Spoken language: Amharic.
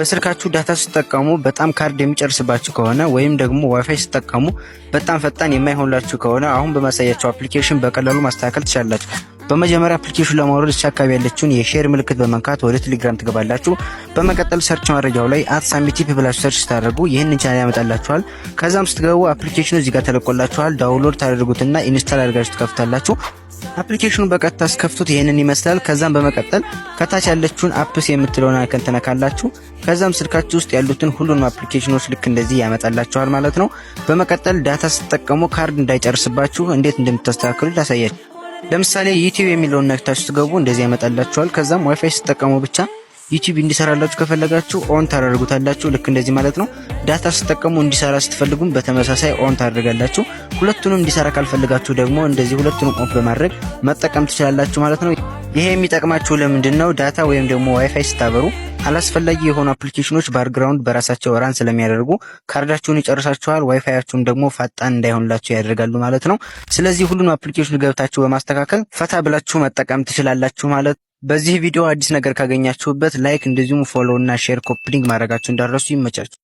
በስልካችሁ ዳታ ስትጠቀሙ በጣም ካርድ የሚጨርስባችሁ ከሆነ ወይም ደግሞ ዋይፋይ ስትጠቀሙ በጣም ፈጣን የማይሆንላችሁ ከሆነ አሁን በማሳያቸው አፕሊኬሽን በቀላሉ ማስተካከል ትችላላችሁ። በመጀመሪያ አፕሊኬሽን ለማውረድ እዚህ አካባቢ ያለችውን የሼር ምልክት በመንካት ወደ ቴሌግራም ትገባላችሁ። በመቀጠል ሰርች ማድረጊያው ላይ አት ሳሚቲፕ ብላችሁ ሰርች ስታደርጉ ይህንን ቻናል ያመጣላችኋል። ከዛም ስትገቡ አፕሊኬሽኑ እዚጋ ተለቆላችኋል። ዳውንሎድ ታደርጉትና ኢንስታል አድርጋችሁ ትከፍታላችሁ። አፕሊኬሽኑን በቀጥታ አስከፍቱት። ይህንን ይመስላል። ከዛም በመቀጠል ከታች ያለችውን አፕስ የምትለውን አይከን ተነካላችሁ። ከዛም ስልካችሁ ውስጥ ያሉትን ሁሉንም አፕሊኬሽኖች ልክ እንደዚህ ያመጣላችኋል ማለት ነው። በመቀጠል ዳታ ስትጠቀሙ ካርድ እንዳይጨርስባችሁ እንዴት እንደምታስተካክሉ ላሳያችሁ። ለምሳሌ ዩቲዩብ የሚለውን ነክታችሁ ስትገቡ እንደዚህ ያመጣላችኋል። ከዛም ዋይፋይ ስትጠቀሙ ብቻ ዩቲዩብ እንዲሰራላችሁ ከፈለጋችሁ ኦን ታደርጉታላችሁ። ልክ እንደዚህ ማለት ነው። ዳታ ስትጠቀሙ እንዲሰራ ስትፈልጉም በተመሳሳይ ኦን ታደርጋላችሁ። ሁለቱንም እንዲሰራ ካልፈልጋችሁ ደግሞ እንደዚህ ሁለቱንም ኦፍ በማድረግ መጠቀም ትችላላችሁ ማለት ነው። ይሄ የሚጠቅማችሁ ለምንድን ነው? ዳታ ወይም ደግሞ ዋይፋይ ስታበሩ አላስፈላጊ የሆኑ አፕሊኬሽኖች ባክግራውንድ በራሳቸው ራን ስለሚያደርጉ ካርዳችሁን ይጨርሳችኋል፣ ዋይፋያችሁን ደግሞ ፈጣን እንዳይሆንላችሁ ያደርጋሉ ማለት ነው። ስለዚህ ሁሉንም አፕሊኬሽን ገብታችሁ በማስተካከል ፈታ ብላችሁ መጠቀም ትችላላችሁ ማለት በዚህ ቪዲዮ አዲስ ነገር ካገኛችሁበት ላይክ እንደዚሁም ፎሎ እና ሼር ኮፕሊንግ ማድረጋችሁ እንዳረሱ ይመቻችሁ።